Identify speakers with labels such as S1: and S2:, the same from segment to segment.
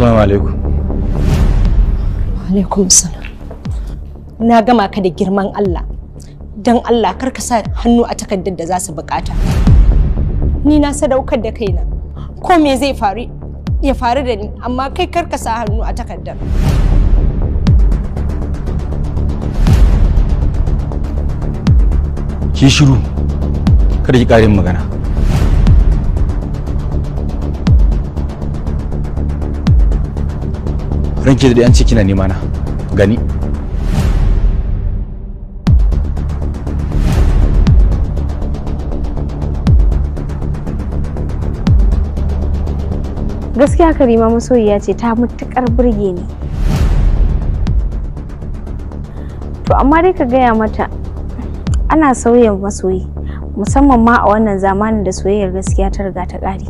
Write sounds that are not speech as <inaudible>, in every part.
S1: Assalamu alaikum. Alaikum salam. Na gama ka da girman Allah. dan Allah kar ka sa hannu a takardar da za su bukata. Ni na sadaukar da kaina. Ko me zai faru ya faru da ni amma kai kar ka sa hannu a takardar. Ki shiru. Kada ki karin magana. ranke da an kina nema na gani gaskiya karima masoyiya ce ta mutukar burge ni to amma dai ka gaya mata ana sauya masoyi musamman ma a wannan zamanin da soyayyar gaskiya ta riga ta ƙare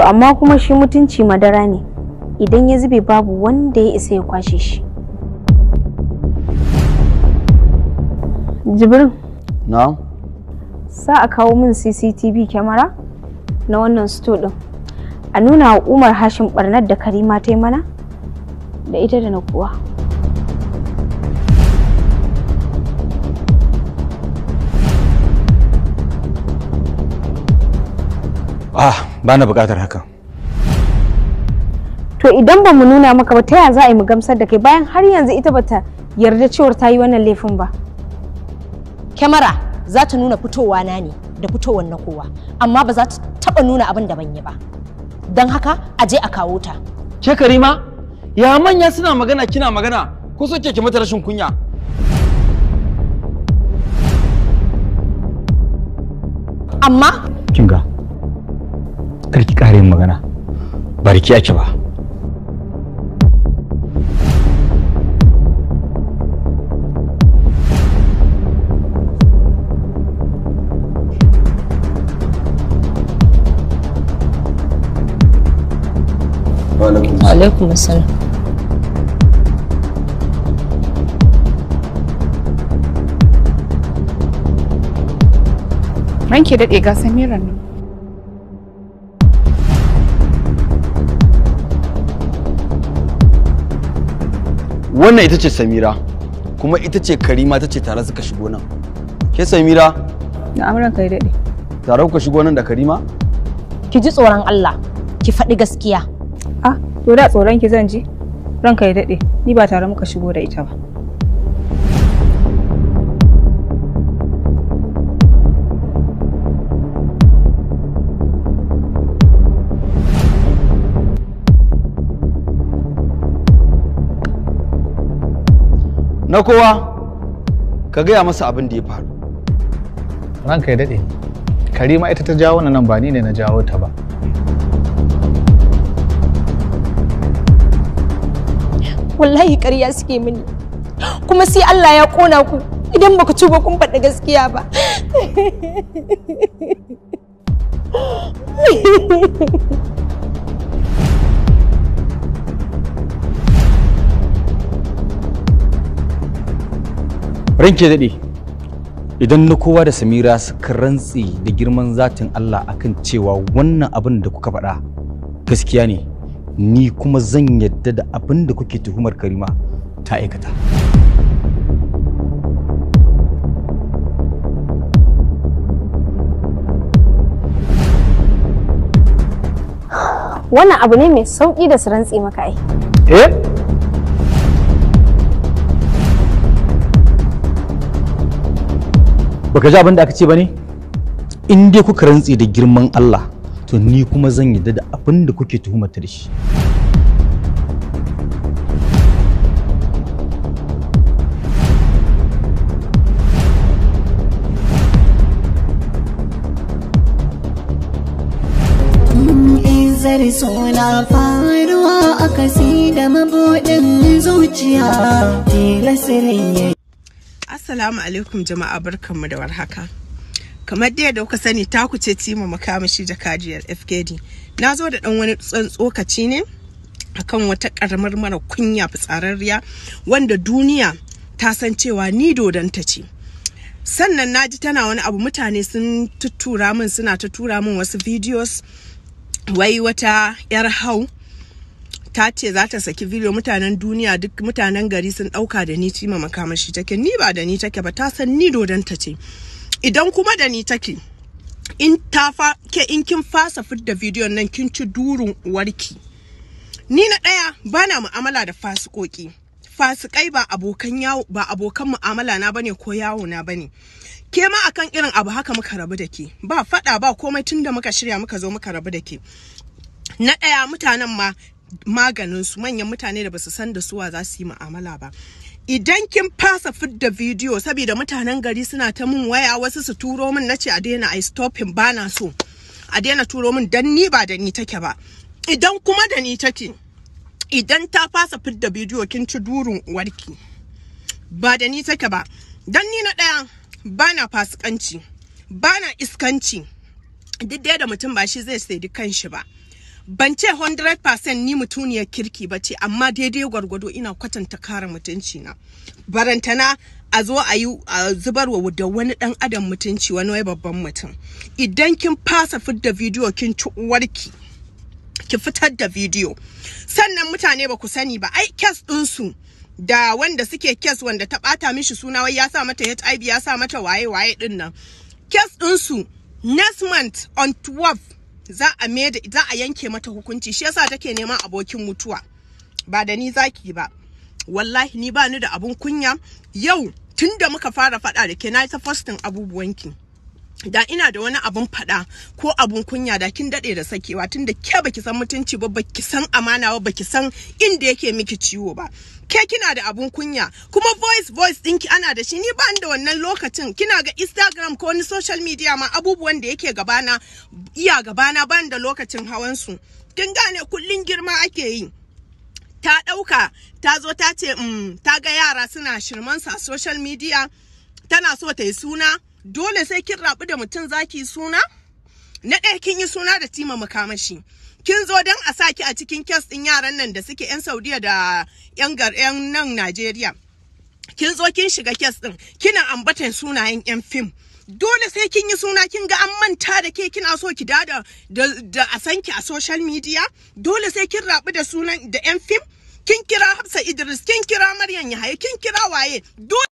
S1: To amma kuma shi mutunci madara ne, idan ya zube babu wanda ya isa ya kwashe shi. Jibrin. Na? Sa a kawo min CCTV kyamara na wannan sto ɗin. A nuna wa Umar Hashim barnar da Karima ta yi mana da ita da na kuwa. Ah, ba buƙatar hakan to idan ba mu nuna maka ba ta yaya za a yi mu gamsar da kai bayan har yanzu ita bata yarda cewar ta yi wannan laifin ba kyamara za ta nuna fitowa na ne da fitowar na kowa amma ba za ta taɓa nuna abin da ban yi ba don haka a je a kawo ta ke karima ya manya suna magana kina magana ko so ke mata rashin kunya amma kinga karki ƙarin magana ba ake ba alaikum ranke daɗe ga samiran nan wannan ita ce samira kuma ita ce karima ta ce tare suka shigo nan ke samira na amuran kai daɗe tare kuka shigo nan da karima ki ji tsoron allah ki faɗi gaskiya ah to da tsoron ki zan ji ranka ya daɗe ni ba tare muka shigo da ita ba na kowa ka gaya masa abin da ya faru ranka ya daɗe karima ita ta jawo nan ba ni ne na jawo ta ba wallahi ƙarya suke mini kuma sai Allah ya ƙona ku idan baka tuba kun faɗi gaskiya ba <laughs> ranke daɗe idan na kowa da samira suka rantse da girman zatin allah akan cewa wannan abin da kuka faɗa gaskiya ne ni kuma zan yadda da abin da kuke tuhumar karima ta aikata wannan abu ne mai sauƙi da su rantse maka ai eh baka ji abin da aka ce ba ne in dai kuka rantse da girman Allah to ni kuma zan yarda da abin da kuke tuhumata da shi zar suna faruwa akasi da mabuɗin zuciya tilasirin ya Assalamu alaikum jama'a barkanmu da warhaka. Kamar dai da kuka sani ta kuce tima makamashi jakajiyar FKD. Na zo da ɗan wani tsokaci ne akan wata ƙaramar mara kunya fitsararriya wanda duniya ta san cewa ni ta ce. Sannan na ji tana wani abu mutane sun tuttura min suna ta tura min wasu videos wai wata 'yar hau ta ce za ta saki video mutanen duniya duk mutanen gari sun dauka da ni cima makamashi take ni ba da ni take ba ta san ni dodon ta ce idan kuma da ni take in ta fa ke in kin fasa fidda bidiyon nan kin ci durun warki. ni na daya bana mu'amala da fasikoki fasikai ba abokan yawo ba abokan mu'amala na bane ko yawo na bane ke ma akan irin abu haka muka rabu da ke ba fada ba komai tunda muka shirya muka zo muka rabu da ke na daya mutanen ma maganin su manyan mutane da basu san da suwa za su yi mu'amala ba idan kin fasa fidda bidiyo saboda mutanen gari suna ta mun waya wasu su turo min nace a daina i ba bana so a daina turo min dan ni ba da ni take ba idan kuma da ni take idan ta fasa fidda bidiyo kin ci durin warki. ba da ni take ba dan ni na daya bana fasikanci bana iskanci duk da mutum ba shi zai kan shi ba ban ce 100% ni mutuniyar kirki ba ce amma daidai gwargwado ina kwatanta kare mutunci na barantana a zo a yi zubarwa da wani dan adam mutunci wani wai babban mutum idan kin fasa fidda bidiyo kin ci uwarki ki fitar da bidiyo sannan mutane ba ku sani ba ai kes ɗinsu da wanda suke kes wanda ta ɓata mishi suna wai ya sa mata hiv ya sa mata waye waye ɗin nan kes ɗinsu next month on 12 za a meda za a yanke mata hukunci shi yasa take neman abokin mutuwa ba da ni zaki ba wallahi ni ba ni da abun kunya yau tunda muka fara faɗa da ke na ta fostin abubuwanki da ina da wani abun fada ko abun kunya da kin dade da sakewa tunda ke baki san mutunci ba baki san amana ba baki san inda yake miki ciwo ba ke kina da abun kunya kuma voice voice dinki ana da shi ni ba da wannan lokacin kina ga instagram ko wani social media ma abubuwan da yake gabana iya gabana ban da lokacin hawan su kin gane kullun girma ake yi ta dauka ta zo ta ce mm, ta ga yara suna shirmansa social media tana so ta yi suna dole sai kin rabu da mutum zaki suna na ɗaya kin yi suna da tima makamashi kin zo don a saki a cikin kes ɗin yaran nan da suke 'yan saudiya da 'yan nan najeriya kin zo kin shiga kes ɗin kina ambatan sunayen 'yan fim dole sai kin yi suna kin ga an manta da ke kina so ki dada da a san ki a social media dole sai kin rabu da sunan da 'yan fim kin kira hafsa idris kin kira maryam yahaya kin kira waye dole